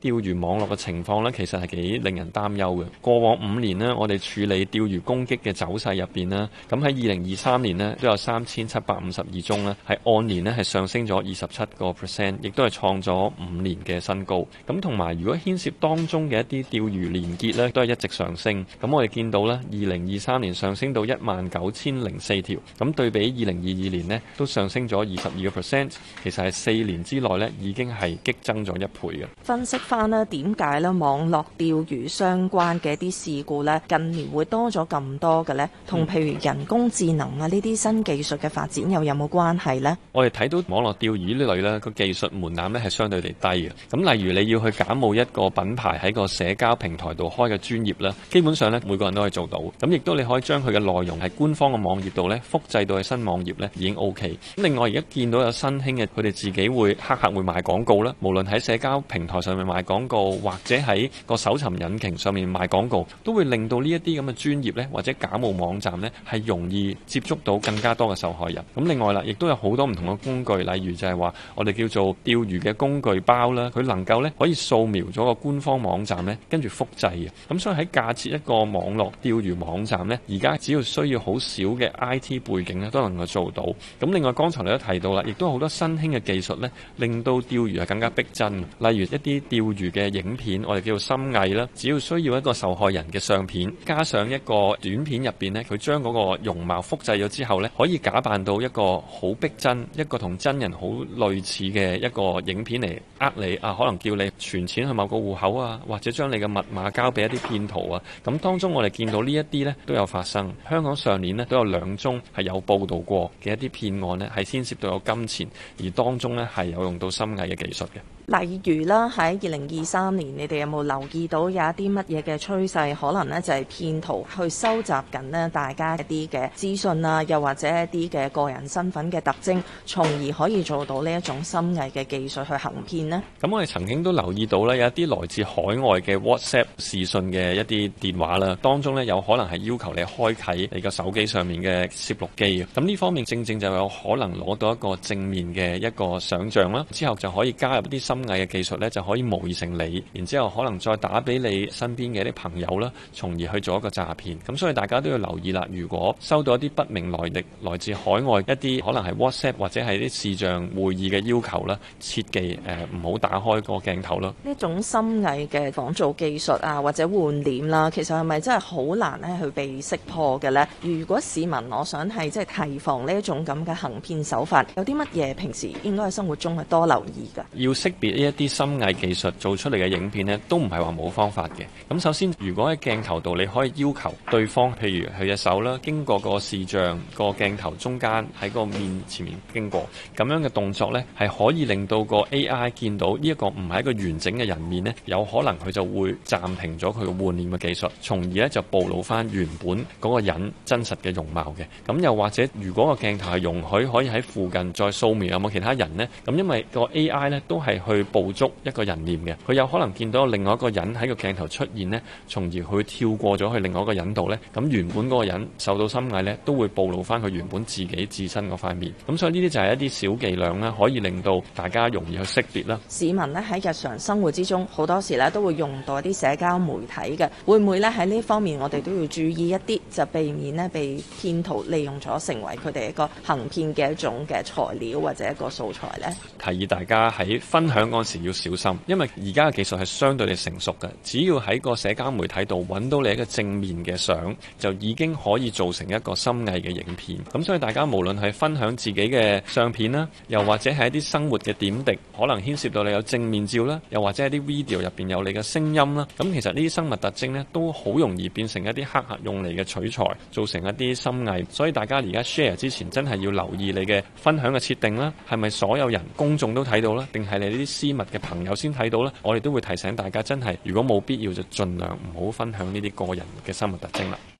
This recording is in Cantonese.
釣魚網絡嘅情況咧，其實係幾令人擔憂嘅。過往五年咧，我哋處理釣魚攻擊嘅走勢入邊咧，咁喺二零二三年咧，都有三千七百五十二宗咧，係按年咧係上升咗二十七個 percent，亦都係創咗五年嘅新高。咁同埋，如果牽涉當中嘅一啲釣魚連結咧，都係一直上升。咁我哋見到呢，二零二三年上升到一萬九千零四條。咁對比二零二二年咧，都上升咗二十二個 percent，其實係四年之內咧，已經係激增咗一倍嘅。分析。翻咧，點解咧，網絡釣魚相關嘅啲事故咧，近年會多咗咁多嘅咧，同譬如人工智能啊呢啲新技術嘅發展又有冇關係咧？我哋睇到網絡釣魚呢類咧，個技術門檻咧係相對地低嘅。咁例如你要去假冒一個品牌喺個社交平台度開嘅專業咧，基本上咧每個人都可以做到。咁亦都你可以將佢嘅內容喺官方嘅網頁度咧，複製到喺新網頁咧，已經 OK。咁另外而家見到有新興嘅，佢哋自己會，黑客會賣廣告啦，無論喺社交平台上面賣。賣廣告或者喺個搜尋引擎上面賣廣告，都會令到呢一啲咁嘅專業呢，或者假冒網站呢，係容易接觸到更加多嘅受害人。咁另外啦，亦都有好多唔同嘅工具，例如就係話我哋叫做釣魚嘅工具包啦，佢能夠呢可以掃描咗個官方網站呢，跟住複製嘅。咁所以喺架設一個網絡釣魚網站呢，而家只要需要好少嘅 IT 背景呢，都能夠做到。咁另外剛才你都提到啦，亦都有好多新興嘅技術呢，令到釣魚係更加逼真，例如一啲釣附遇嘅影片，我哋叫做深偽啦。只要需要一個受害人嘅相片，加上一個短片入邊咧，佢將嗰個容貌複製咗之後呢，可以假扮到一個好逼真、一個同真人好類似嘅一個影片嚟呃你啊，可能叫你存錢去某個戶口啊，或者將你嘅密碼交俾一啲騙徒啊。咁當中我哋見到呢一啲呢都有發生。香港上年呢都有兩宗係有報導過嘅一啲騙案呢，係牽涉到有金錢，而當中呢係有用到深偽嘅技術嘅。例如啦，喺二零二三年，你哋有冇留意到有一啲乜嘢嘅趨勢？可能咧就係騙徒去收集緊咧大家一啲嘅資訊啊，又或者一啲嘅個人身份嘅特徵，從而可以做到呢一種深偽嘅技術去行騙咧。咁我哋曾經都留意到咧，有一啲來自海外嘅 WhatsApp 視訊嘅一啲電話啦，當中咧有可能係要求你開啟你個手機上面嘅攝錄機。咁呢方面正正就有可能攞到一個正面嘅一個想象啦，之後就可以加入一啲深。深偽嘅技術咧就可以模擬成你，然之後可能再打俾你身邊嘅啲朋友啦，從而去做一個詐騙。咁所以大家都要留意啦。如果收到一啲不明來歷、來自海外一啲可能係 WhatsApp 或者係啲視像會議嘅要求啦，切記誒唔好打開個鏡頭咯。呢種深偽嘅仿造技術啊，或者換臉啦、啊，其實係咪真係好難咧去被識破嘅呢？如果市民，我想係即係提防呢一種咁嘅行騙手法，有啲乜嘢平時應該喺生活中係多留意噶？要識別。呢一啲深偽技術做出嚟嘅影片呢，都唔係話冇方法嘅。咁首先，如果喺鏡頭度你可以要求對方，譬如佢隻手啦，經過個視像個鏡頭中間，喺個面前面經過，咁樣嘅動作呢，係可以令到個 AI 見到呢一個唔係一個完整嘅人面呢，有可能佢就會暫停咗佢嘅換臉嘅技術，從而呢就暴露翻原本嗰個人真實嘅容貌嘅。咁又或者，如果個鏡頭係容許可以喺附近再掃描有冇其他人呢，咁因為個 AI 呢，都係去，去捕捉一個人臉嘅，佢有可能見到另外一個人喺個鏡頭出現咧，從而佢跳過咗去另外一個人度咧。咁原本嗰個人受到深偽咧，都會暴露翻佢原本自己自身嗰塊面。咁所以呢啲就係一啲小伎倆啦，可以令到大家容易去識別啦。市民咧喺日常生活之中好多時咧都會用到一啲社交媒體嘅，會唔會咧喺呢方面我哋都要注意一啲，就避免咧被騙徒利用咗成為佢哋一個行騙嘅一種嘅材料或者一個素材咧？提議大家喺分享。上岸時要小心，因為而家嘅技術係相對你成熟嘅。只要喺個社交媒體度揾到你一個正面嘅相，就已經可以做成一個深偽嘅影片。咁所以大家無論係分享自己嘅相片啦，又或者係一啲生活嘅點滴，可能牽涉到你有正面照啦，又或者係啲 video 入邊有你嘅聲音啦。咁其實呢啲生物特徵咧，都好容易變成一啲黑客用嚟嘅取材，造成一啲深偽，所以大家而家 share 之前真係要留意你嘅分享嘅設定啦，係咪所有人公眾都睇到啦定係你呢啲？私密嘅朋友先睇到啦，我哋都會提醒大家，真係如果冇必要就盡量唔好分享呢啲個人嘅生物特徵啦。